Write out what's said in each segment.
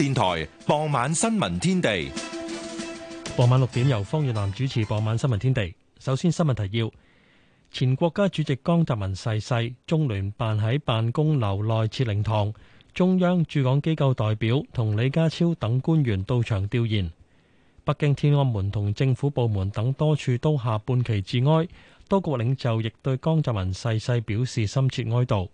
電台傍晚新聞天地，傍晚六點由方月南主持。傍晚新聞天地，首先新聞提要：前國家主席江澤民逝世，中聯辦喺辦公樓內設靈堂，中央駐港機構代表同李家超等官員到場吊唁。北京天安門同政府部門等多處都下半旗致哀，多國領袖亦對江澤民逝世表示深切哀悼。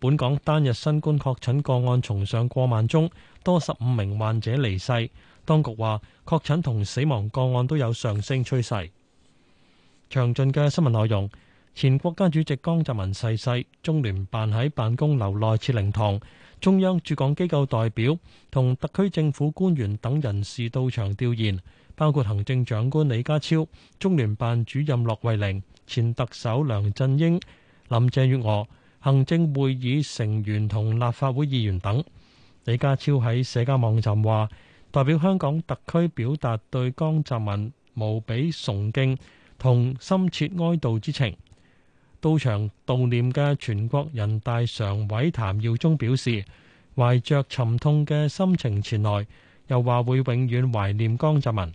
本港單日新冠確診個案重上過萬宗。多十五名患者離世，當局話確診同死亡個案都有上升趨勢。詳盡嘅新聞內容，前國家主席江澤民逝世，中聯辦喺辦公樓內設靈堂，中央駐港機構代表同特區政府官員等人士到場弔唁，包括行政長官李家超、中聯辦主任駱惠寧、前特首梁振英、林鄭月娥、行政會議成員同立法會議員等。李家超喺社交網站話，代表香港特區表達對江澤民無比崇敬同深切哀悼之情。到場悼念嘅全國人大常委譚耀宗表示，懷着沉痛嘅心情前來，又話會永遠懷念江澤民。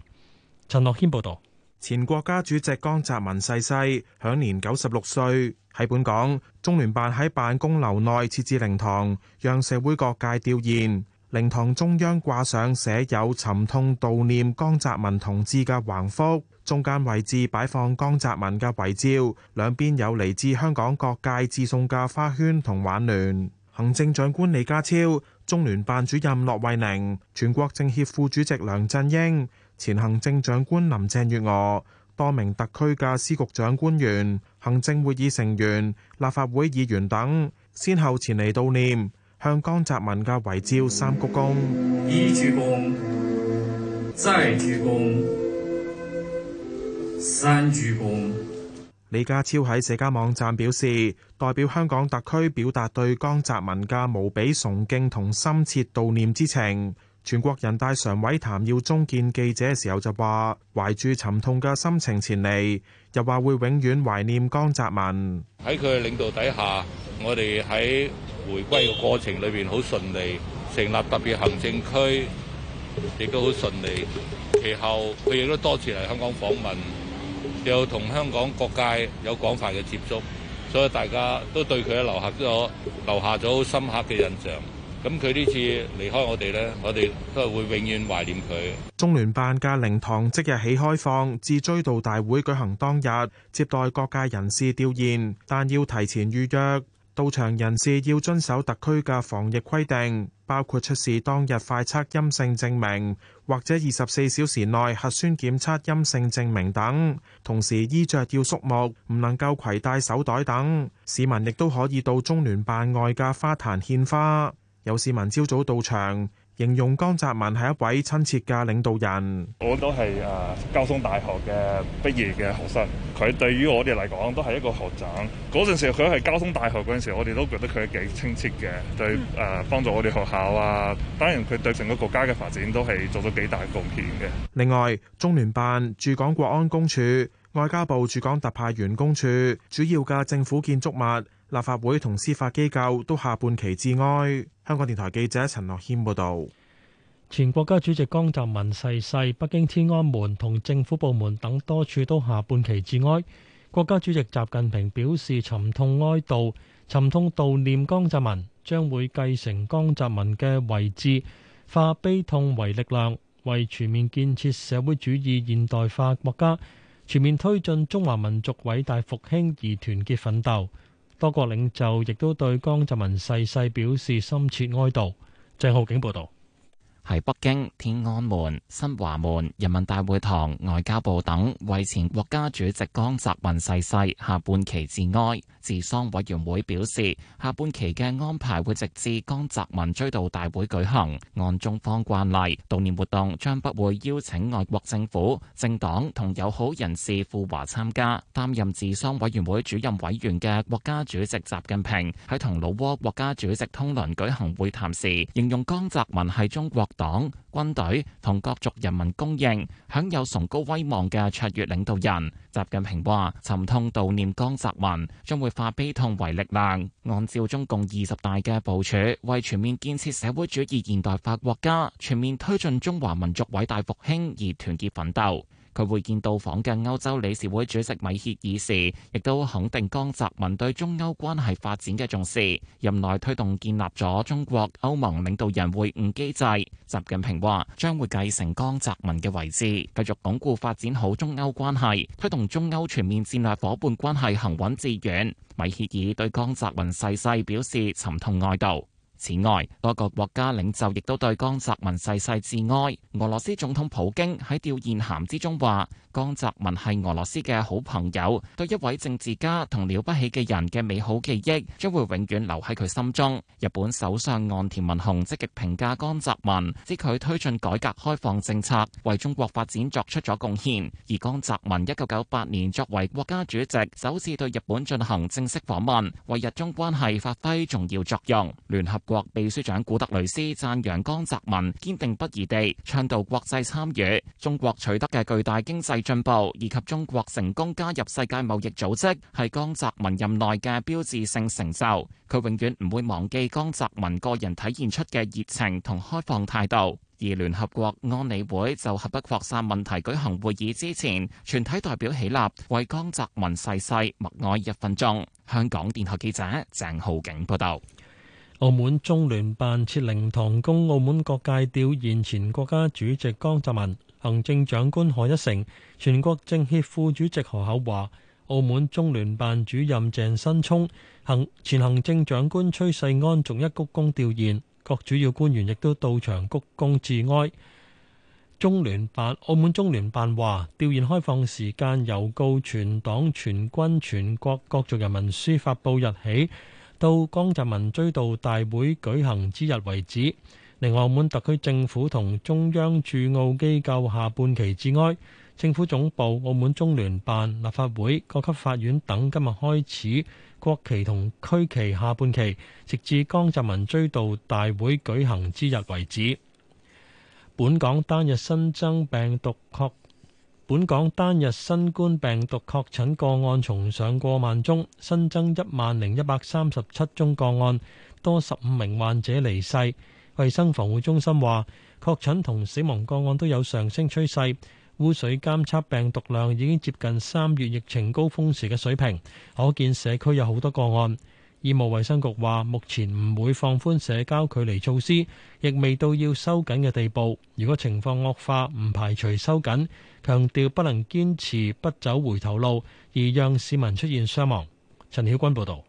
陳樂軒報導。前國家主席江澤民逝世，世，享年九十六歲。喺本港，中聯辦喺辦公樓內設置靈堂，讓社會各界吊唁。靈堂中央掛上寫有沉痛悼念江澤民同志嘅橫幅，中間位置擺放江澤民嘅遺照，兩邊有嚟自香港各界致送嘅花圈同挽聯。行政長官李家超、中聯辦主任駱惠寧、全國政協副主席梁振英、前行政長官林鄭月娥、多名特區嘅司局長官員、行政會議成員、立法會議員等先後前嚟悼念，向江澤民嘅遺照三鞠躬。一鞠躬，再鞠躬，三鞠躬。李家超喺社交網站表示，代表香港特區表達對江澤民嘅無比崇敬同深切悼念之情。全國人大常委譚耀宗見記者嘅時候就話，懷住沉痛嘅心情前嚟，又話會永遠懷念江澤民。喺佢嘅領導底下，我哋喺回歸嘅過程裏邊好順利，成立特別行政區亦都好順利。其後佢亦都多次嚟香港訪問，又同香港各界有廣泛嘅接觸，所以大家都對佢留下咗留下咗好深刻嘅印象。咁佢呢次離開我哋咧，我哋都係會永遠懷念佢。中聯辦嘅靈堂即日起開放，至追悼大會舉行當日接待各界人士弔唁，但要提前預約。到場人士要遵守特區嘅防疫規定，包括出示當日快測陰性證明或者二十四小時內核酸檢測陰性證明等。同時衣着要肅穆，唔能夠攜帶手袋等。市民亦都可以到中聯辦外嘅花壇獻花。有市民朝早到場，形容江澤民係一位親切嘅領導人。我都係誒交通大學嘅畢業嘅學生，佢對於我哋嚟講都係一個學長。嗰陣時佢係交通大學嗰陣時，我哋都覺得佢幾親切嘅，對誒幫助我哋學校啊。當然佢對成個國家嘅發展都係做咗幾大貢獻嘅。另外，中聯辦駐港國安公署、外交部駐港特派員公署主要嘅政府建築物。立法會同司法機構都下半旗致哀。香港電台記者陳諾謙報道。前國家主席江澤民逝世，世，北京天安門同政府部門等多處都下半旗致哀。國家主席習近平表示沉痛哀悼，沉痛悼念江澤民，將會繼承江澤民嘅遺志，化悲痛為力量，為全面建設社會主義現代化國家、全面推進中華民族偉大復興而團結奮鬥。多國領袖亦都對江澤民逝世表示深切哀悼。鄭浩景報道，喺北京天安門、新華門、人民大會堂、外交部等為前國家主席江澤民逝世下半旗致哀。治喪委員會表示，下半期嘅安排會直至江澤民追悼大會舉行。按中方慣例，悼念活動將不會邀請外國政府、政黨同友好人士赴華參加。擔任治喪委員會主任委員嘅國家主席習近平喺同老撾國家主席通倫舉行會談時，形容江澤民係中國黨。軍隊同各族人民公認享有崇高威望嘅卓越領導人習近平話：沉痛悼念江澤民，將會化悲痛為力量，按照中共二十大嘅部署，為全面建設社會主義現代化國家，全面推進中華民族偉大復興而團結奮鬥。佢會見到訪嘅歐洲理事會主席米歇爾時，亦都肯定江澤民對中歐關係發展嘅重視，任內推動建立咗中國歐盟領導人會晤機制。習近平話將會繼承江澤民嘅位置，繼續鞏固發展好中歐關係，推動中歐全面戰略夥伴關係行穩致遠。米歇爾對江澤民逝世表示沉痛哀悼。此外，多個國家領袖亦都對江澤民逝世致哀。俄羅斯總統普京喺吊唁函之中話。江澤民係俄羅斯嘅好朋友，對一位政治家同了不起嘅人嘅美好記憶將會永遠留喺佢心中。日本首相岸田文雄積極評價江澤民，指佢推進改革開放政策，為中國發展作出咗貢獻，而江澤民一九九八年作為國家主席，首次對日本進行正式訪問，為日中關係發揮重要作用。聯合國秘書長古特雷斯讚揚江澤民堅定不移地倡導國際參與，中國取得嘅巨大經濟進步以及中國成功加入世界貿易組織，係江澤民任內嘅標誌性成就。佢永遠唔會忘記江澤民個人體現出嘅熱情同開放態度。而聯合國安理會就核不擴散問題舉行會議之前，全體代表起立為江澤民逝世默哀一分鐘。香港電台記者鄭浩景報道。澳門中聯辦設靈堂供澳門各界弔唁前國家主席江澤民。行政長官賀一誠、全國政協副主席何厚鏵、澳門中聯辦主任鄭新聰、前行政長官崔世安，逐一鞠躬吊唁，各主要官員亦都到場鞠躬致哀。中聯辦、澳門中聯辦話，吊唁開放時間由告全黨全軍全國各族人民書發佈日起，到江澤民追悼大會舉行之日為止。另外，澳門特區政府同中央駐澳機構下半旗致哀，政府總部、澳門中聯辦、立法會、各級法院等今日開始國旗同區旗下半旗，直至江澤民追悼大會舉行之日為止。本港單日新增病毒確本港單日新冠病毒確診個案重上過萬宗，新增一萬零一百三十七宗個案，多十五名患者離世。衛生防護中心話，確診同死亡個案都有上升趨勢，污水監測病毒量已經接近三月疫情高峰時嘅水平，可見社區有好多個案。醫務衛生局話，目前唔會放寬社交距離措施，亦未到要收緊嘅地步。如果情況惡化，唔排除收緊。強調不能堅持不走回頭路，而讓市民出現傷亡。陳曉君報道。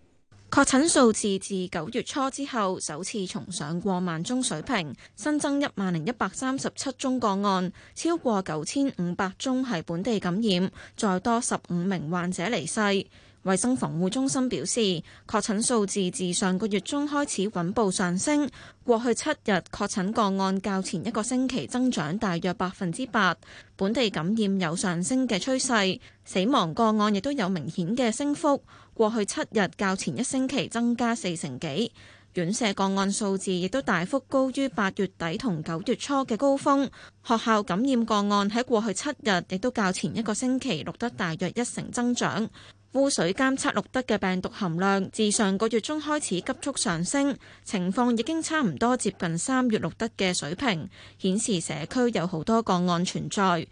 確診數字自九月初之後首次重上過萬宗水平，新增一萬零一百三十七宗個案，超過九千五百宗係本地感染，再多十五名患者離世。衛生防護中心表示，確診數字自上個月中開始穩步上升，過去七日確診個案較前一個星期增長大約百分之八，本地感染有上升嘅趨勢，死亡個案亦都有明顯嘅升幅。過去七日較前一星期增加四成幾，院舍個案數字亦都大幅高於八月底同九月初嘅高峰。學校感染個案喺過去七日亦都較前一個星期錄得大約一成增長。污水監測錄得嘅病毒含量自上個月中開始急速上升，情況已經差唔多接近三月錄得嘅水平，顯示社區有好多個案存在。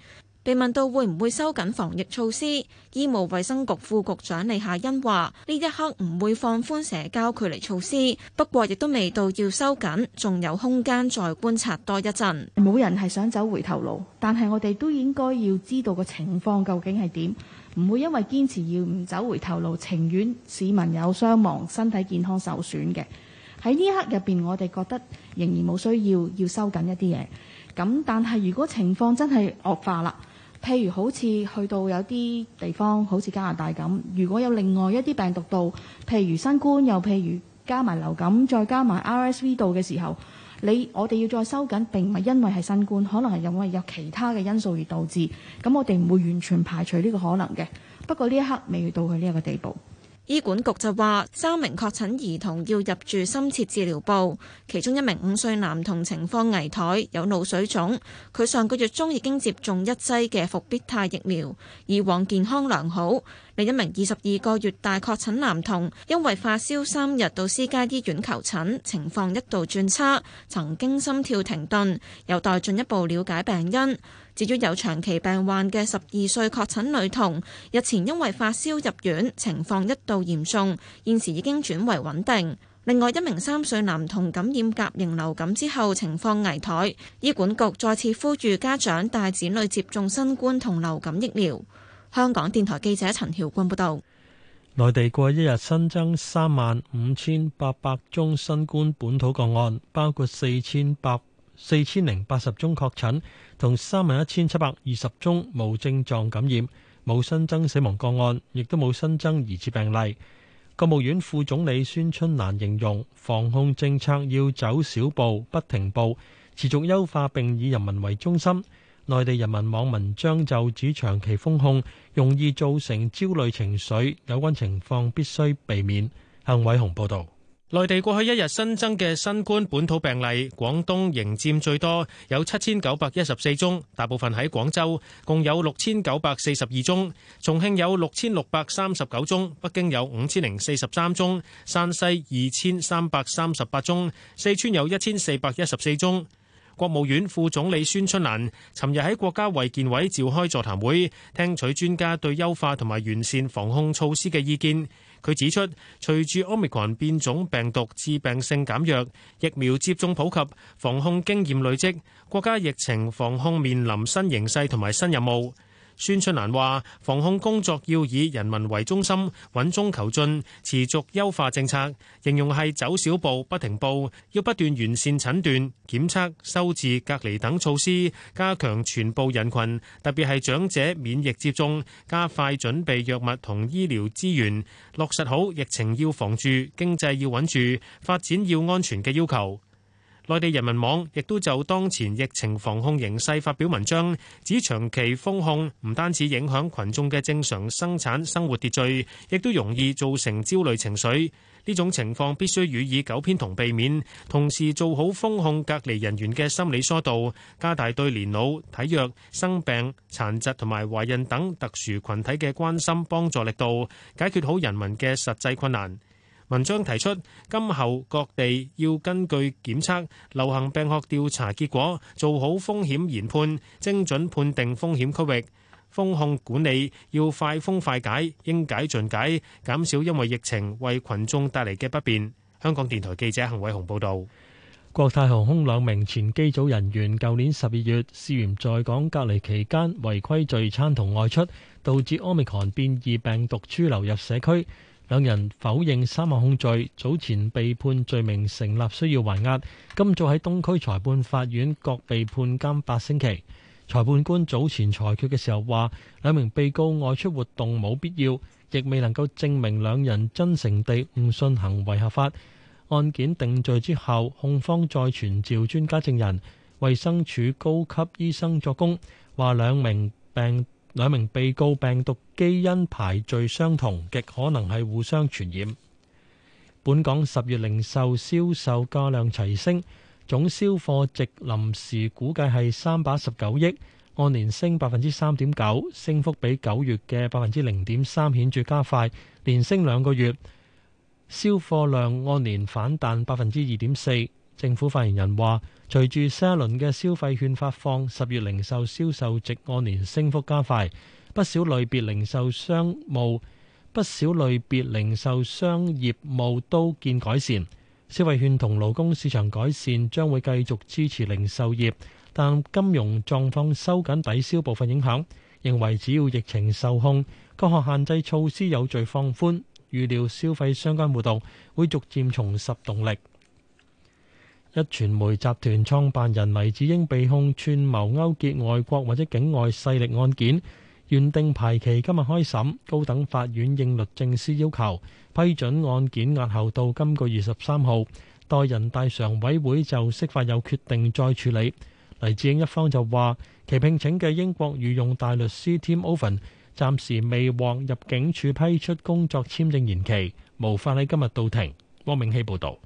被問到會唔會收緊防疫措施，醫務衛生局副局長李夏欣話：呢一刻唔會放寬社交距離措施，不過亦都未到要收緊，仲有空間再觀察多一陣。冇人係想走回頭路，但係我哋都應該要知道個情況究竟係點，唔會因為堅持要唔走回頭路，情願市民有傷亡、身體健康受損嘅。喺呢一刻入邊，我哋覺得仍然冇需要要收緊一啲嘢。咁但係如果情況真係惡化啦，譬如好似去到有啲地方，好似加拿大咁，如果有另外一啲病毒到，譬如新冠，又譬如加埋流感，再加埋 RSV 度嘅時候，你，我哋要再收緊並唔係因為係新冠，可能係因為有其他嘅因素而導致，咁我哋唔會完全排除呢個可能嘅。不過呢一刻未到去呢一個地步。醫管局就話，三名確診兒童要入住深切治療部，其中一名五歲男童情況危殆，有腦水腫，佢上個月中已經接種一劑嘅復必泰疫苗，以往健康良好；另一名二十二個月大確診男童因為發燒三日到私家醫院求診，情況一度轉差，曾經心跳停頓，有待進一步了解病因。至於有長期病患嘅十二歲確診女童，日前因為發燒入院，情況一度嚴重，現時已經轉為穩定。另外一名三歲男童感染甲型流感之後，情況危殆。醫管局再次呼籲家長帶子女接種新冠同流感疫苗。香港電台記者陳曉君報導。內地過一日新增三萬五千八百宗新冠本土個案，包括四千八，四千零八十宗確診，同三萬一千七百二十宗無症狀感染，冇新增死亡個案，亦都冇新增疑似病例。國務院副總理孫春蘭形容，防控政策要走小步不停步，持續優化並以人民為中心。內地人民網文章就指長期封控容易造成焦慮情緒，有關情況必須避免。向偉雄報導。內地過去一日新增嘅新冠本土病例，廣東仍佔最多，有七千九百一十四宗，大部分喺廣州，共有六千九百四十二宗；重慶有六千六百三十九宗，北京有五千零四十三宗，山西二千三百三十八宗，四川有一千四百一十四宗。國務院副總理孫春蘭尋日喺國家衛健委召開座談會，聽取專家對優化同埋完善防控措施嘅意見。佢指出，隨住 Omicron 變種病毒致病性減弱，疫苗接種普及，防控經驗累積，國家疫情防控面臨新形勢同埋新任務。孫春蘭話：防控工作要以人民為中心，穩中求進，持續優化政策，形容係走小步不停步，要不斷完善診斷、檢測、收治、隔離等措施，加強全部人群，特別係長者免疫接種，加快準備藥物同醫療資源，落實好疫情要防住、經濟要穩住、發展要安全嘅要求。內地人民網亦都就當前疫情防控形勢發表文章，指長期封控唔單止影響群眾嘅正常生產生活秩序，亦都容易造成焦慮情緒。呢種情況必須予以糾偏同避免，同時做好封控隔離人員嘅心理疏導，加大對年老、體弱、生病、殘疾同埋懷孕等特殊群體嘅關心幫助力度，解決好人民嘅實際困難。文章提出，今後各地要根據檢測流行病學調查結果，做好風險研判，精準判定風險區域，風控管理要快封快解，應解盡解，減少因為疫情為群眾帶嚟嘅不便。香港電台記者陳偉雄報道。國泰航空兩名前機組人員舊年十二月涉嫌在港隔離期間違規聚餐同外出，導致奧密克戎變異病毒株流入社區。兩人否認三項控罪，早前被判罪名成立需要還押，今早喺東區裁判法院各被判監八星期。裁判官早前裁決嘅時候話，兩名被告外出活動冇必要，亦未能夠證明兩人真誠地誤信行為合法。案件定罪之後，控方再傳召專家證人，衛生署高級醫生作供，話兩名病。兩名被告病毒基因排序相同，極可能係互相傳染。本港十月零售銷售價量齊升，總銷貨值臨時估計係三百一十九億，按年升百分之三點九，升幅比九月嘅百分之零點三顯著加快，連升兩個月。銷貨量按年反彈百分之二點四。政府發言人話：隨住新一輪嘅消費券發放，十月零售銷售值按年升幅加快，不少類別零售商務，不少類別零售商業務都見改善。消費券同勞工市場改善將會繼續支持零售業，但金融狀況收緊抵消部分影響。認為只要疫情受控，各項限制措施有序放寬，預料消費相關活動會逐漸重拾動力。一傳媒集團創辦人黎智英被控串謀勾結外國或者境外勢力案件，原定排期今日開審，高等法院應律政司要求批准案件押後到今個月十三號，待人大常委會就釋法有決定再處理。黎智英一方就話，其聘請嘅英國御用大律師 Tim Owen 暫時未獲入境處批出工作簽證延期，無法喺今日到庭。汪明希報導。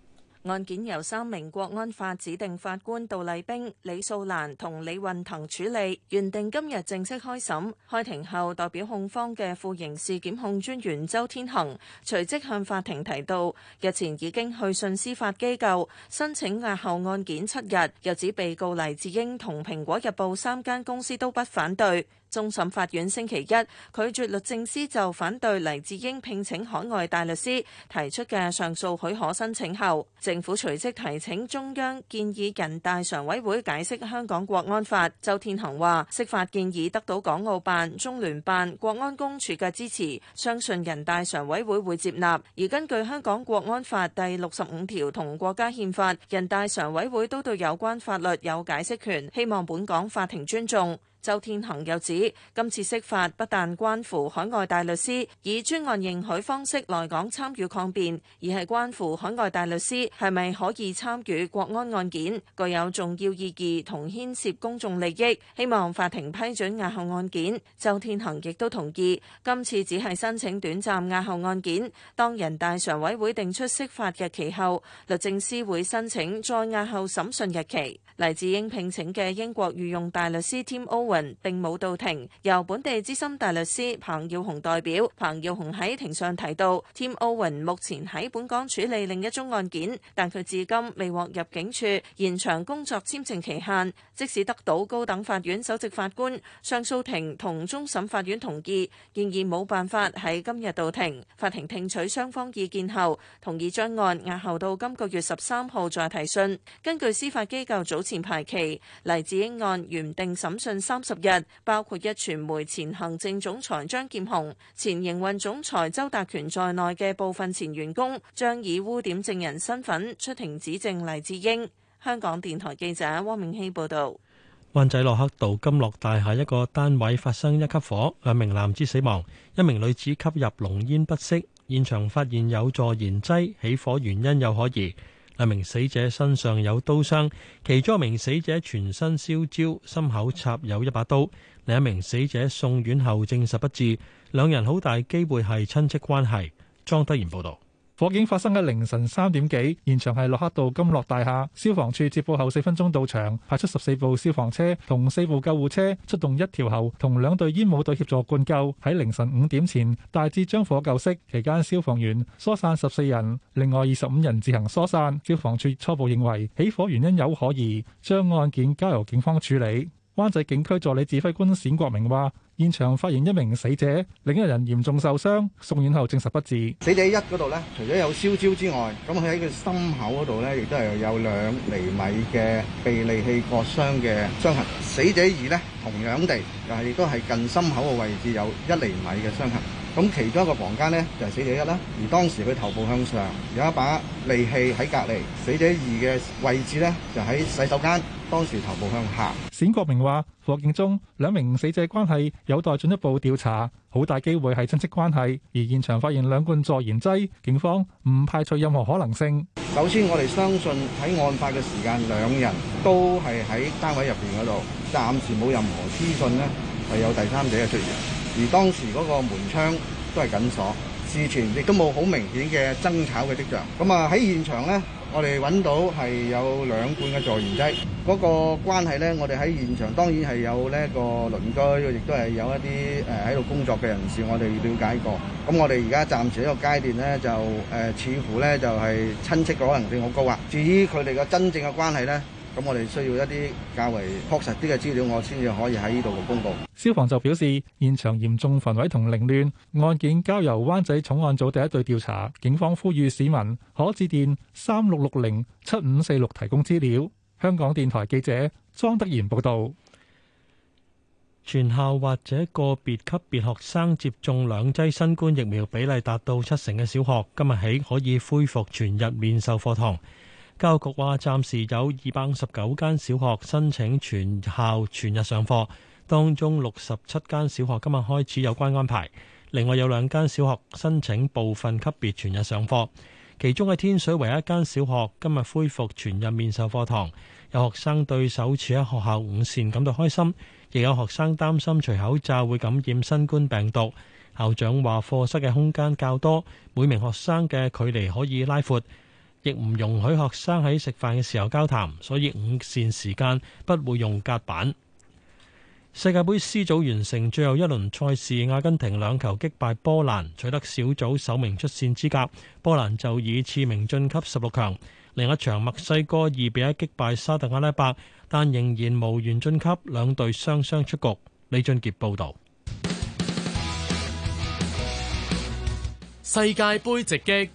案件由三名國安法指定法官杜麗冰、李素蘭同李運騰處理，原定今日正式開審。開庭後，代表控方嘅副刑事檢控專員周天行隨即向法庭提到，日前已經去信司法機構申請押後案件七日，又指被告黎智英同蘋果日報三間公司都不反對。終審法院星期一拒絕律政司就反對黎智英聘請海外大律師提出嘅上訴許可申請後，政府隨即提請中央建議人大常委會解釋香港國安法。周天恒話：釋法建議得到港澳辦、中聯辦、國安公署嘅支持，相信人大常委會會接納。而根據香港國安法第六十五條同國家憲法，人大常委會都對有關法律有解釋權，希望本港法庭尊重。周天恒又指，今次釋法不但關乎海外大律師以專案認許方式來港參與抗辯，而係關乎海外大律師係咪可以參與國安案件，具有重要意義同牽涉公眾利益。希望法庭批准押後案件。周天恒亦都同意，今次只係申請短暫押後案件。當人大常委會定出釋法日期後，律政司會申請再押後審訊日期。黎智英聘請嘅英國御用大律師 Tim Owen 並冇到庭，由本地資深大律師彭耀雄代表。彭耀雄喺庭上提到，添奧雲目前喺本港處理另一宗案件，但佢至今未獲入境處延長工作簽證期限。即使得到高等法院首席法官上訴庭同終審法院同意，仍然冇辦法喺今日到庭。法庭聽取雙方意見後，同意將案押後到今個月十三號再提訊。根據司法機構早前排期，黎智英案原定審訊三。十日，包括一傳媒前行政總裁張劍雄、前營運總裁周達權在內嘅部分前員工，將以污點證人身份出庭指證黎智英。香港電台記者汪明希報道。灣仔洛克道金樂大廈一個單位發生一級火，兩名男子死亡，一名女子吸入濃煙不適，現場發現有助燃劑，起火原因有可疑。兩名死者身上有刀傷，其中一名死者全身燒焦，心口插有一把刀。另一名死者送院後證實不治，兩人好大機會係親戚關係，莊德賢報道。火警發生喺凌晨三點幾，現場係洛克道金樂大廈。消防處接報後四分鐘到場，派出十四部消防車同四部救護車出動一條喉，同兩隊煙霧隊協助灌救。喺凌晨五點前大致將火救熄。期間消防員疏散十四人，另外二十五人自行疏散。消防處初步認為起火原因有可疑，將案件交由警方處理。灣仔警區助理指揮官冼國明話。現場發現一名死者，另一人嚴重受傷，送院後證實不治。死者一嗰度咧，除咗有燒焦之外，咁佢喺佢心口嗰度咧，亦都係有兩厘米嘅被利器割傷嘅傷痕。死者二咧，同樣地，又係都係近心口嘅位置有一厘米嘅傷痕。咁其中一個房間呢，就係死者一啦，而當時佢頭部向上，有一把利器喺隔離。死者二嘅位置呢，就喺洗手間，當時頭部向下。冼國明話：火警中兩名死者關係有待進一步調查，好大機會係親戚關係。而現場發現兩罐助燃劑，警方唔排除任何可能性。首先，我哋相信喺案發嘅時間，兩人都係喺單位入邊嗰度，暫時冇任何資訊呢，係有第三者嘅出現。而當時嗰個門窗都係緊鎖，事前亦都冇好明顯嘅爭吵嘅跡象。咁啊喺現場咧，我哋揾到係有兩罐嘅助燃劑。嗰個關係咧，我哋喺現場當然係有呢一個鄰居，亦都係有一啲誒喺度工作嘅人士，我哋了解過。咁我哋而家暫時呢個階段咧，就誒似乎咧就係親戚嘅可能性好高啊。至於佢哋嘅真正嘅關係咧，咁我哋需要一啲較為確實啲嘅資料，我先至可以喺呢度公布。消防就表示，現場嚴重焚毀同凌亂案件交由灣仔重案組第一隊調查。警方呼籲市民可致電三六六零七五四六提供資料。香港電台記者莊德賢報道。全校或者個別級別學生接種兩劑新冠疫苗比例達到七成嘅小學今日起可以恢復全日面授課堂。教育局話，暫時有二百五十九間小學申請全校全日上課，當中六十七間小學今日開始有關安排。另外有兩間小學申請部分級別全日上課，其中嘅天水圍一間小學今日恢復全日面授課堂。有學生對首次喺學校午膳感到開心，亦有學生擔心除口罩會感染新冠病毒。校長話課室嘅空間較多，每名學生嘅距離可以拉闊。亦唔容許學生喺食飯嘅時候交談，所以午膳時間不會用隔板。世界杯 C 組完成最後一輪賽事，阿根廷兩球擊敗波蘭，取得小組首名出線資格；波蘭就以次名晉級十六強。另一場墨西哥二比一擊敗沙特阿拉伯，但仍然無緣晉級，兩隊雙雙出局。李俊杰報道。世界杯直擊。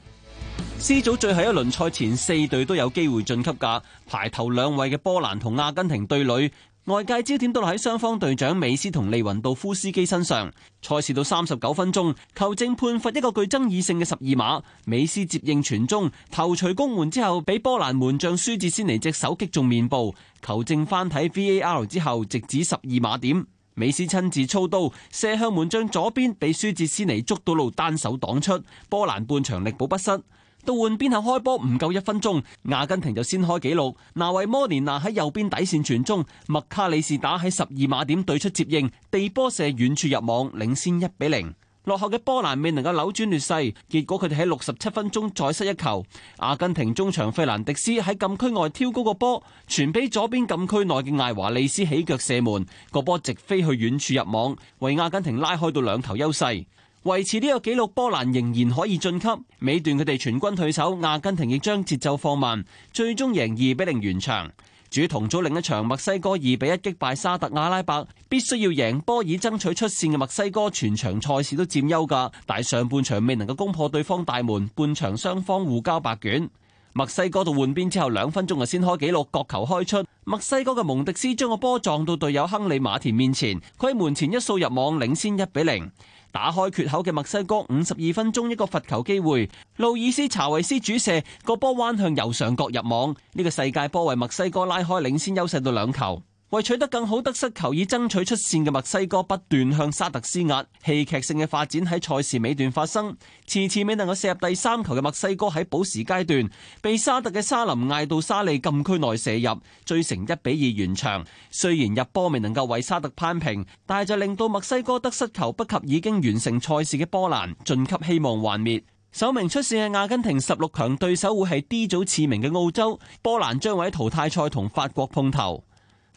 C 組最後一輪賽前四隊都有機會晉級，噶排頭兩位嘅波蘭同阿根廷對壘，外界焦點都落喺雙方隊長美斯同利雲道夫斯基身上。賽事到三十九分鐘，球證判罰一個具爭議性嘅十二碼，美斯接應傳中頭錘攻門之後，俾波蘭門將舒志斯尼隻手擊中面部。球證翻睇 VAR 之後，直指十二碼點，美斯親自操刀射向門將左邊，俾舒志斯尼捉到路單手擋出，波蘭半場力保不失。到換邊後開波唔夠一分鐘，阿根廷就先開紀錄。那維摩連拿喺右邊底線傳中，麥卡里斯打喺十二碼點對出接應，地波射遠處入網，領先一比零。落後嘅波蘭未能夠扭轉劣勢，結果佢哋喺六十七分鐘再失一球。阿根廷中場費蘭迪斯喺禁區外挑高個波，傳俾左邊禁區內嘅艾華利斯起腳射門，個波直飛去遠處入網，為阿根廷拉開到兩球優勢。維持呢個紀錄，波蘭仍然可以晉級。尾段佢哋全軍退守，阿根廷亦將節奏放慢，最終贏二比零完場。主同組另一場墨西哥二比一擊敗沙特阿拉伯，必須要贏波以爭取出線嘅墨西哥全場賽事都佔優噶，但係上半場未能夠攻破對方大門，半場雙方互交白卷。墨西哥度換邊之後兩分鐘啊先開紀錄，角球開出，墨西哥嘅蒙迪斯將個波撞到隊友亨利馬田面前，佢喺門前一掃入網，領先一比零。打開缺口嘅墨西哥五十二分鐘一個罰球機會，路易斯查維斯主射個波彎向右上角入網，呢個世界波為墨西哥拉開領先優勢到兩球。為取得更好得失球以爭取出線嘅墨西哥不斷向沙特施壓，戲劇性嘅發展喺賽事尾段發生。次次未能夠射入第三球嘅墨西哥喺補時階段被沙特嘅沙林嗌到沙利禁區內射入，追成一比二完場。雖然入波未能夠為沙特攀平，但係就令到墨西哥得失球不及已經完成賽事嘅波蘭晉級希望幻滅。首名出線嘅阿根廷十六強對手會係 D 組次名嘅澳洲，波蘭將會喺淘汰賽同法國碰頭。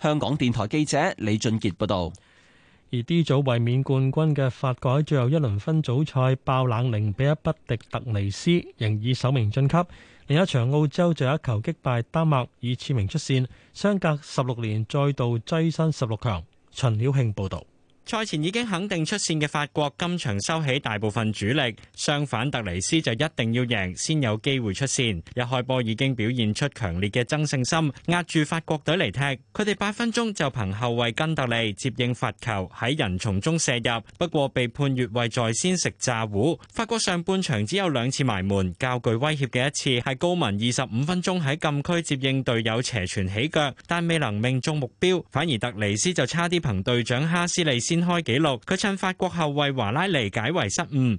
香港電台記者李俊杰報道，而 D 組衛冕冠軍嘅法國最後一輪分組賽爆冷零比一不敵突尼斯，仍以首名晉級。另一場澳洲就一球擊敗丹麥，以次名出線，相隔十六年再度躋身十六強。陳曉慶報道。賽前已經肯定出線嘅法國，今場收起大部分主力，相反特尼斯就一定要贏先有機會出線。一開波已經表現出強烈嘅爭勝心，壓住法國隊嚟踢。佢哋八分鐘就憑後衛根特利接應罰球，喺人叢中射入，不過被判越位在先，食炸糊。法國上半場只有兩次埋門，較具威脅嘅一次係高文二十五分鐘喺禁區接應隊友斜傳起腳，但未能命中目標，反而特尼斯就差啲憑隊長哈斯利斯掀開紀錄，佢趁法國後衛華拉尼解圍失誤。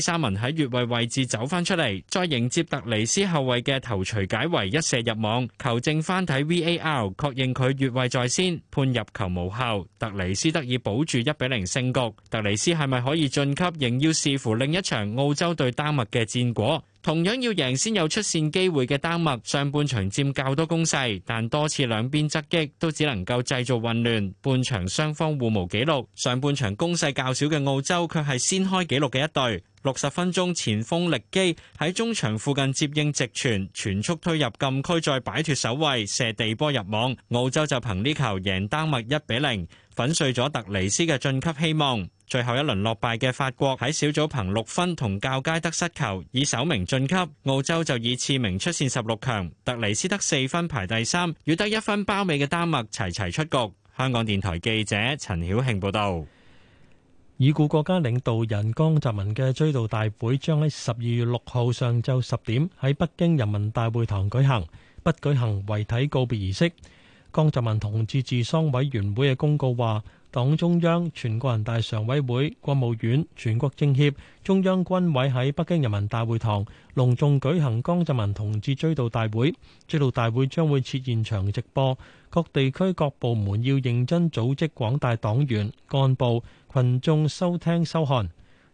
沙文喺越位位置走翻出嚟，再迎接特尼斯後衛嘅頭錘解圍一射入網，球證翻睇 VAR，確認佢越位在先，判入球無效。特尼斯得以保住一比零勝局。特尼斯係咪可以晉級，仍要視乎另一場澳洲對丹麥嘅戰果。同樣要贏先有出線機會嘅丹麥，上半場佔較多攻勢，但多次兩邊側擊都只能夠製造混亂。半場雙方互無紀錄，上半場攻勢較少嘅澳洲，卻係先開紀錄嘅一隊。六十分鐘，前鋒力基喺中場附近接應直傳，全速推入禁區再擺脱首位，射地波入網，澳洲就憑呢球贏丹麥一比零，0，粉碎咗特尼斯嘅晉級希望。最後一輪落敗嘅法國喺小組憑六分同較佳得失球，以首名晉級；澳洲就以次名出線十六強。突尼斯得四分排第三，與得一分包尾嘅丹麥齊齊出局。香港電台記者陳曉慶報道。已故國家領導人江澤民嘅追悼大會將喺十二月六號上晝十點喺北京人民大會堂舉行，不舉行遺體告別儀式。江澤民同志治喪委員會嘅公告話，黨中央、全國人大常委會、國務院、全國政協、中央軍委喺北京人民大會堂隆重舉行江澤民同志追悼大會，追悼大會將會設現場直播。各地區各部門要認真組織廣大黨員、幹部、群眾收聽收看。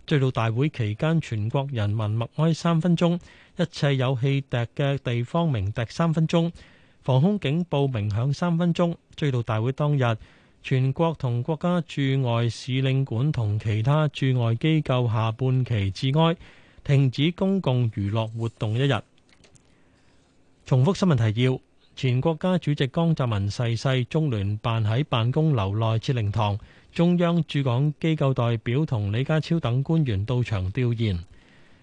追悼大會期間，全國人民默哀三分鐘，一切有氣笛嘅地方鳴笛三分鐘，防空警報鳴響三分鐘。追悼大會當日。全國同國家駐外使領館同其他駐外機構下半旗致哀，停止公共娛樂活動一日。重複新聞提要：前國家主席江澤民逝世，世，中聯辦喺辦公樓內設靈堂，中央駐港機構代表同李家超等官員到場吊唁。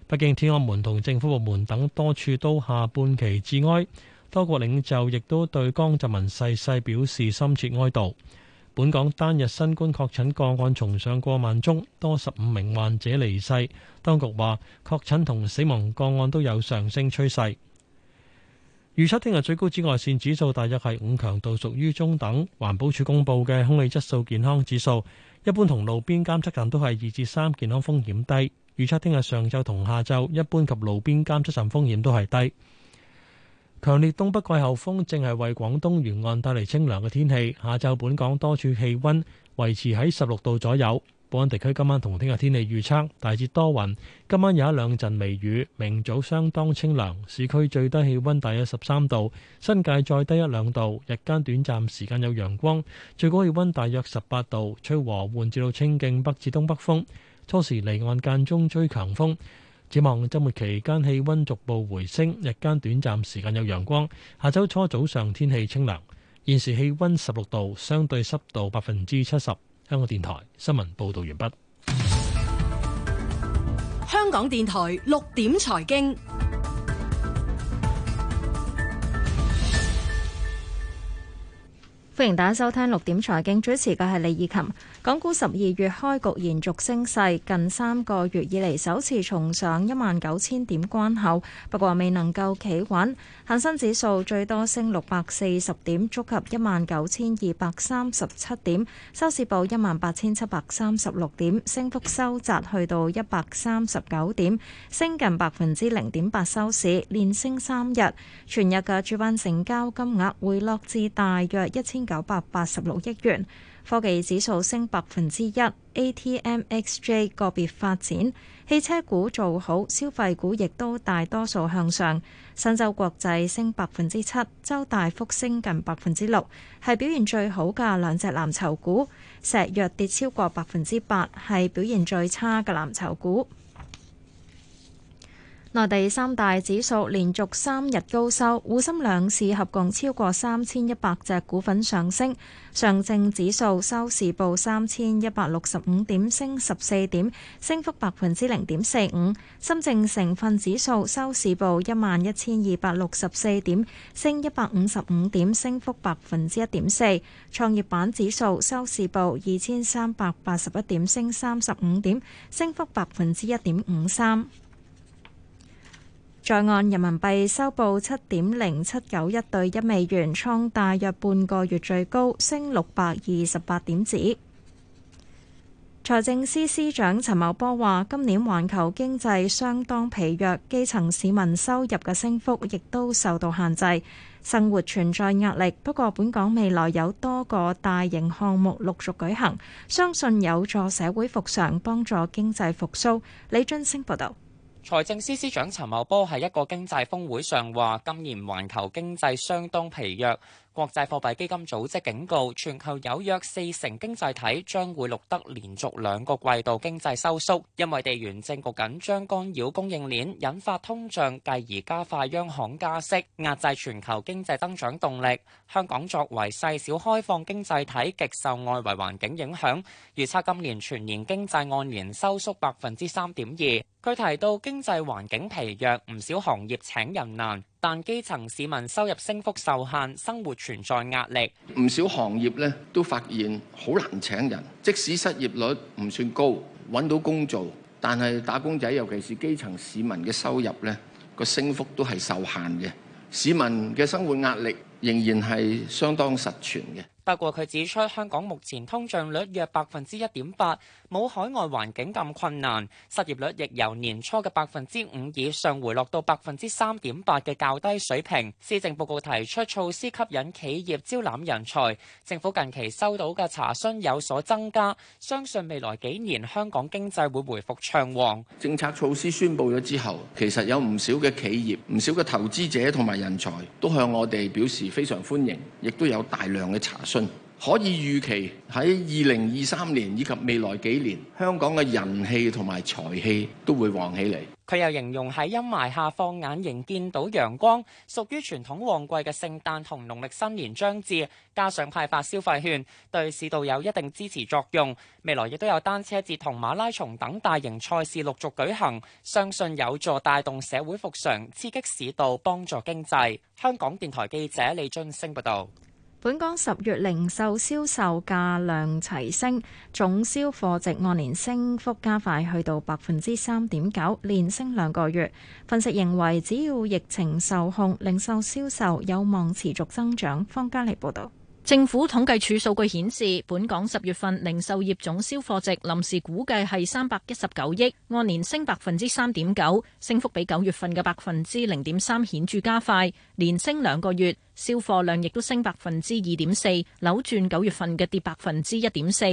北京天安門同政府部門等多處都下半旗致哀，多國領袖亦都對江澤民逝世，世表示深切哀悼。本港單日新冠確診個案重上過萬宗，多十五名患者離世。當局話，確診同死亡個案都有上升趨勢。預測聽日最高紫外線指數大約係五強度，屬於中等。環保署公布嘅空氣質素健康指數，一般同路邊監測站都係二至三，健康風險低。預測聽日上晝同下晝，一般及路邊監測站風險都係低。強烈東北季候風正係為廣東沿岸帶嚟清涼嘅天氣，下晝本港多處氣溫維持喺十六度左右。本港地區今晚同聽日天氣預測，大致多雲，今晚有一兩陣微雨，明早相當清涼，市區最低氣溫大約十三度，新界再低一兩度，日間短暫時間有陽光，最高氣溫大約十八度，吹和緩至到清勁北至東北風，初時離岸間中吹強風。展望周末期間氣溫逐步回升，日間短暫時間有陽光。下周初早上天氣清涼。現時氣溫十六度，相對濕度百分之七十。香港電台新聞報道完畢。香港電台六點財經，歡迎大家收聽六點財經，主持嘅係李綺琴。港股十二月開局延續升勢，近三個月以嚟首次重上一萬九千點關口，不過未能夠企穩。恒生指數最多升六百四十點觸及一萬九千二百三十七點，收市報一萬八千七百三十六點，升幅收窄去到一百三十九點，升近百分之零點八。收市連升三日，全日嘅主板成交金額回落至大約一千九百八十六億元。科技指數升百分之一，ATMXJ 個別發展，汽車股做好，消費股亦都大多數向上。申洲國際升百分之七，周大幅升近百分之六，係表現最好嘅兩隻藍籌股。石藥跌超過百分之八，係表現最差嘅藍籌股。內地三大指數連續三日高收，滬深兩市合共超過三千一百隻股份上升。上證指數收市報三千一百六十五點，升十四點，升幅百分之零點四五。深證成分指數收市報一萬一千二百六十四點，升一百五十五點，升幅百分之一點四。創業板指數收市報二千三百八十一點，升三十五點，升幅百分之一點五三。在岸人民幣收報七點零七九一對一美元，創大約半個月最高，升六百二十八點子。財政司司長陳茂波話：今年環球經濟相當疲弱，基層市民收入嘅升幅亦都受到限制，生活存在壓力。不過，本港未來有多個大型項目陸續舉行，相信有助社會復常，幫助經濟復甦。李俊升報道。財政司司長陳茂波喺一個經濟峰會上話：今年環球經濟相當疲弱。國際貨幣基金組織警告，全球有約四成經濟體將會錄得連續兩個季度經濟收縮，因為地緣政局緊張干擾供應鏈，引發通脹，繼而加快央行加息，壓制全球經濟增長動力。香港作為細小開放經濟體，極受外圍環境影響，預測今年全年經濟按年收縮百分之三點二。佢提到經濟環境疲弱，唔少行業請人難。但基層市民收入升幅受限，生活存在壓力。唔少行業咧都發現好難請人，即使失業率唔算高，揾到工做，但係打工仔，尤其是基層市民嘅收入咧個升幅都係受限嘅，市民嘅生活壓力仍然係相當實存嘅。不過佢指出，香港目前通脹率約百分之一點八，冇海外環境咁困難，失業率亦由年初嘅百分之五以上回落到百分之三點八嘅較低水平。施政報告提出措施吸引企業招攬人才，政府近期收到嘅查詢有所增加，相信未來幾年香港經濟會回復暢旺。政策措施宣布咗之後，其實有唔少嘅企業、唔少嘅投資者同埋人才都向我哋表示非常歡迎，亦都有大量嘅查詢。可以預期喺二零二三年以及未來幾年，香港嘅人氣同埋財氣都會旺起嚟。佢又形容喺陰霾下放眼仍見到陽光，屬於傳統旺季嘅聖誕同農曆新年將至，加上派發消費券，對市道有一定支持作用。未來亦都有單車節同馬拉松等大型賽事陸續舉行，相信有助帶動社會復常，刺激市道，幫助經濟。香港電台記者李俊升報道。本港十月零售銷售價量齊升，總銷貨值按年升幅加快，去到百分之三點九，連升兩個月。分析認為，只要疫情受控，零售銷售有望持續增長。方嘉莉報道。政府統計處數據顯示，本港十月份零售業總銷貨值臨時估計係三百一十九億，按年升百分之三點九，升幅比九月份嘅百分之零點三顯著加快，連升兩個月，銷貨量亦都升百分之二點四，扭轉九月份嘅跌百分之一點四。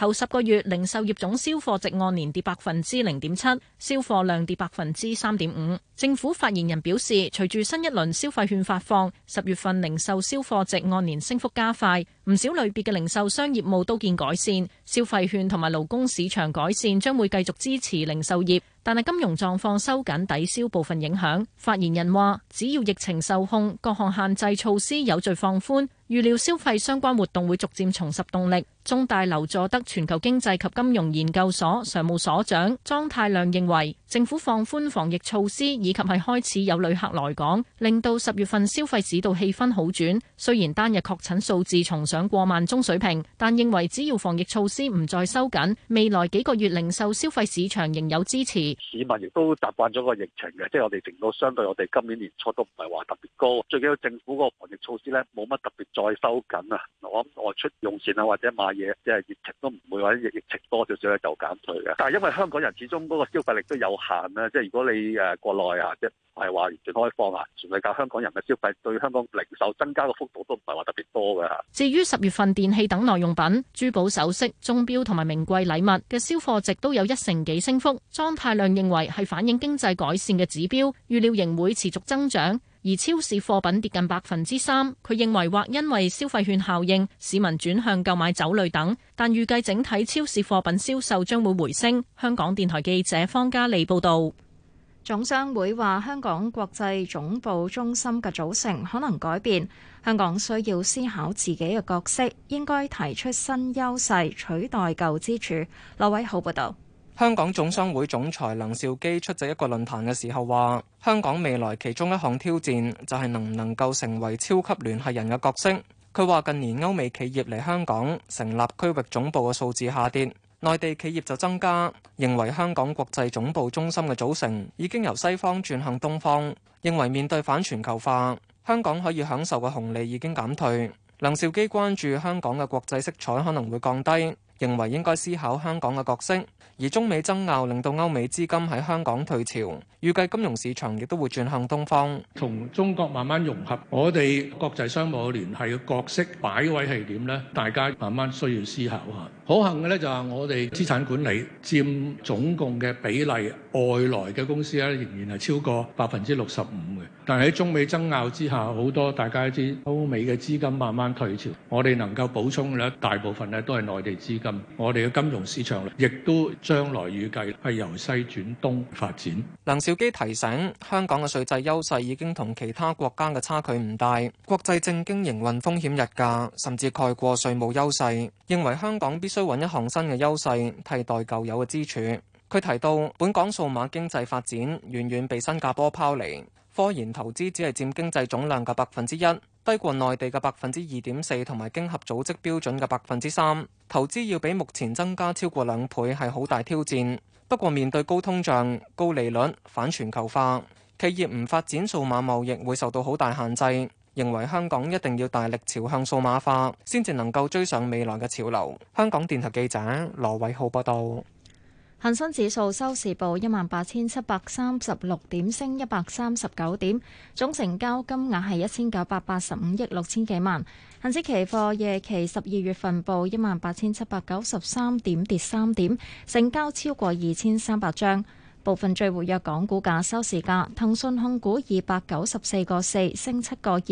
頭十個月零售業總銷貨值按年跌百分之零點七，銷貨量跌百分之三點五。政府發言人表示，隨住新一輪消費券發放，十月份零售銷貨值按年升幅加快，唔少類別嘅零售商業務都見改善。消費券同埋勞工市場改善將會繼續支持零售業。但係金融狀況收緊，抵消部分影響。發言人話，只要疫情受控，各項限制措施有序放寬，預料消費相關活動會逐漸重拾動力。中大劉佐德全球經濟及金融研究所常務所長莊太亮認為，政府放寬防疫措施以及係開始有旅客來港，令到十月份消費指導氣氛好轉。雖然單日確診數字重上過萬宗水平，但認為只要防疫措施唔再收緊，未來幾個月零售消費市場仍有支持。市民亦都習慣咗個疫情嘅，即係我哋成個相對我哋今年年初都唔係話特別高。最緊要政府嗰個防疫措施咧，冇乜特別再收緊啊！我諗外出用膳啊，或者買嘢，即係疫情都唔會話啲疫情多少少咧就減退嘅。但係因為香港人始終嗰個消費力都有限啦，即係如果你誒國內啊，即係唔係話完全開放啊，全係靠香港人嘅消費，對香港零售增加嘅幅度都唔係話特別多嘅。至於十月份電器等耐用品、珠寶首飾、鐘錶同埋名貴禮物嘅銷貨值都有一成幾升幅，裝太。量認為係反映經濟改善嘅指標，預料仍會持續增長。而超市貨品跌近百分之三，佢認為或因為消費券效應，市民轉向購買酒類等，但預計整體超市貨品銷售將會回升。香港電台記者方嘉莉報道。總商會話：香港國際總部中心嘅組成可能改變，香港需要思考自己嘅角色，應該提出新優勢取代舊支柱。羅偉豪報道。香港總商會總裁梁兆基出席一個論壇嘅時候話，香港未來其中一項挑戰就係能唔能夠成為超級聯繫人嘅角色。佢話近年歐美企業嚟香港成立區域總部嘅數字下跌，內地企業就增加，認為香港國際總部中心嘅組成已經由西方轉向東方。認為面對反全球化，香港可以享受嘅紅利已經減退。梁兆基關注香港嘅國際色彩可能會降低。認為應該思考香港嘅角色，而中美爭拗令到歐美資金喺香港退潮，預計金融市場亦都會轉向東方，同中國慢慢融合。我哋國際商務嘅聯繫嘅角色擺位係點呢？大家慢慢需要思考下。可行嘅咧就係我哋資產管理佔總共嘅比例，外來嘅公司咧仍然係超過百分之六十五嘅。但係喺中美爭拗之下，好多大家知歐美嘅資金慢慢退潮，我哋能夠補充嘅大部分呢，都係內地資金。我哋嘅金融市場亦都將來預計係由西轉東發展。梁兆基提醒香港嘅稅制優勢已經同其他國家嘅差距唔大，國際政經營運風險日加，甚至蓋過稅務優勢，認為香港必須，都揾一行新嘅優勢，替代舊有嘅支柱。佢提到，本港數碼經濟發展遠遠被新加坡拋離，科研投資只係佔經濟總量嘅百分之一，低過內地嘅百分之二點四，同埋經合組織標準嘅百分之三。投資要比目前增加超過兩倍係好大挑戰。不過面對高通脹、高利率、反全球化，企業唔發展數碼貿易會受到好大限制。認為香港一定要大力朝向數碼化，先至能夠追上未來嘅潮流。香港電台記者羅偉浩報道。恒生指數收市報一萬八千七百三十六點，升一百三十九點，總成交金額係一千九百八十五億六千幾萬。恒指期貨夜期十二月份報一萬八千七百九十三點，跌三點，成交超過二千三百張。部分最活躍港股價收市價：騰訊控股二百九十四個四升七個二，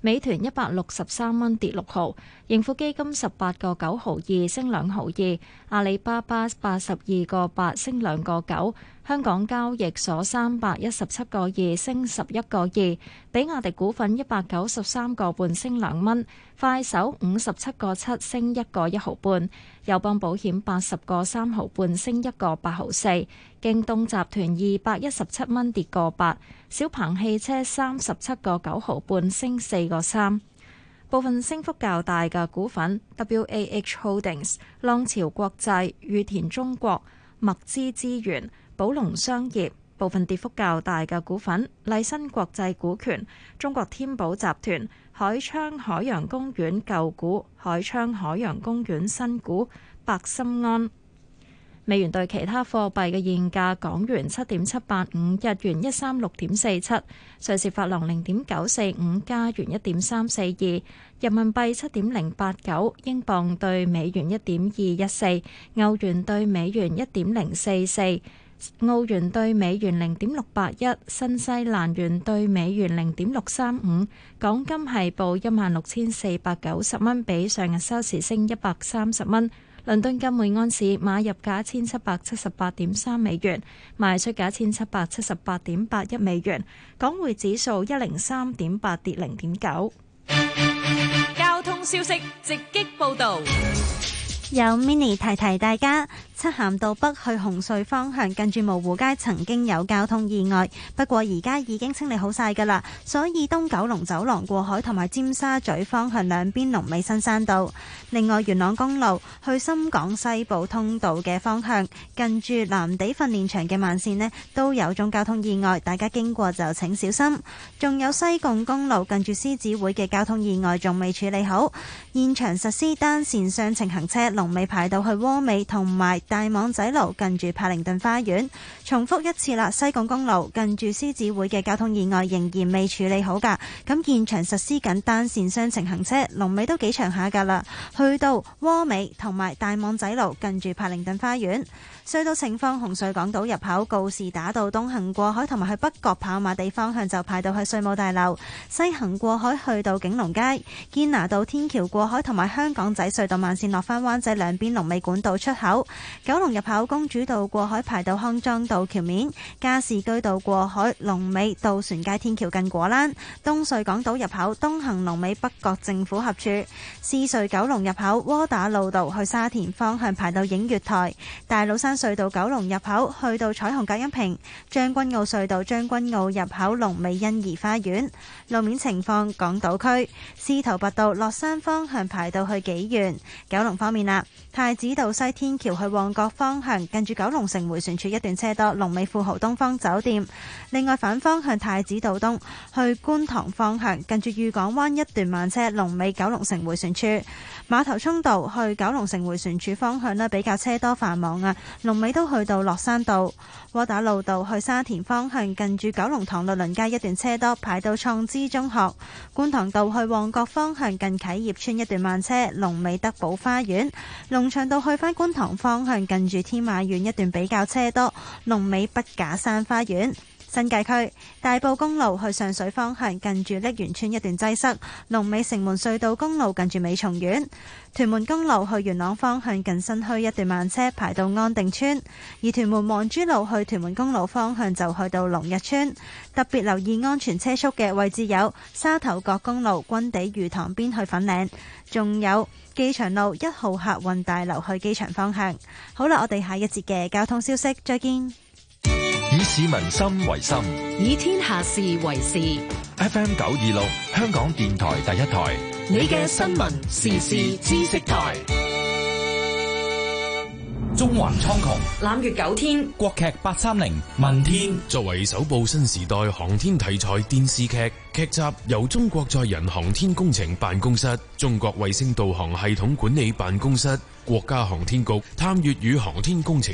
美團一百六十三蚊跌六毫，盈富基金十八個九毫二升兩毫二，阿里巴巴八十二個八升兩個九，香港交易所三百一十七個二升十一個二，比亞迪股份一百九十三個半升兩蚊，快手五十七個七升一個一毫半。友邦保險八十個三毫半升一個八毫四，京東集團二百一十七蚊跌個八，小鵬汽車三十七個九毫半升四個三，部分升幅較大嘅股份：W A H Holdings、浪潮國際、裕田中國、麥資資源、寶龍商業。部分跌幅較大嘅股份：麗新國際股權、中國天寶集團、海昌海洋公園舊股、海昌海洋公園新股、百心安。美元兌其他貨幣嘅現價：港元七點七八五，日元一三六點四七，瑞士法郎零點九四五，加元一點三四二，人民幣七點零八九，英鎊兌美元一點二一四，歐元兌美元一點零四四。澳元兌美元零點六八一，新西蘭元兌美元零點六三五，港金係報一萬六千四百九十蚊，比上日收市升一百三十蚊。倫敦金每盎司買入價一千七百七十八點三美元，賣出價一千七百七十八點八一美元。港匯指數一零三點八，跌零點九。交通消息直擊報導，有 mini 提提大家。漆咸道北去紅隧方向，近住蕪湖街曾經有交通意外，不過而家已經清理好晒㗎喇。所以東九龍走廊過海同埋尖沙咀方向兩邊龍尾新山道，另外元朗公路去深港西部通道嘅方向，近住藍地訓練場嘅慢線咧都有種交通意外，大家經過就請小心。仲有西貢公路近住獅子會嘅交通意外仲未處理好，現場實施單線雙程行車，龍尾排到去窩美同埋。大網仔路近住柏靈頓花園，重複一次啦。西貢公路近住獅子會嘅交通意外仍然未處理好噶，咁現場實施緊單線雙程行車，龍尾都幾長下噶啦。去到窩美同埋大網仔路近住柏靈頓花園。隧道情況：紅隧港島入口告士打道東行過海同埋去北角跑馬地方向就排到去稅務大樓；西行過海去到景隆街、堅拿道天橋過海同埋香港仔隧道慢線落翻灣仔兩邊龍尾管道出口；九龍入口公主道過海排到康莊道橋面；加士居道過海龍尾渡船街天橋近果欄；東隧港島入口東行龍尾北角政府合署；獅隧九龍入口窩打老道去沙田方向排到影月台；大老山。隧道九龍入口去到彩虹隔音屏將軍澳隧道將軍澳入口龍尾欣怡花園路面情況港島區司徒拔道落山方向排到去紀元。九龍方面啦，太子道西天橋去旺角方向近住九龍城回旋處一段車多，龍尾富豪東方酒店。另外反方向太子道東去觀塘方向近住御港灣一段慢車，龍尾九龍城回旋處馬頭涌道去九龍城回旋處方向呢比較車多繁忙啊。龍尾都去到落山道，窩打老道去沙田方向近住九龍塘六鄰街一段車多，排到創知中學；觀塘道去旺角方向近啟業村一段慢車，龍尾德寶花園；龍翔道去返觀塘方向近住天馬苑一段比較車多，龍尾畢架山花園。新界區大埔公路去上水方向，近住瀝源邨一段擠塞；龍尾城門隧道公路近住美松苑；屯門公路去元朗方向，近新墟一段慢車排到安定邨；而屯門望珠路去屯門公路方向就去到龍日村。特別留意安全車速嘅位置有沙頭角公路軍地魚塘邊去粉嶺，仲有機場路一號客運大樓去機場方向。好啦，我哋下一節嘅交通消息，再見。以市民心為心，以天下事為事。FM 九二六，香港電台第一台。你嘅新聞時事知識台，縱橫蒼穹攬月九天，國劇八三零問天作為首部新時代航天題材電視劇劇集，由中國載人航天工程辦公室、中國衛星導航系統管理辦公室、國家航天局探月與航天工程。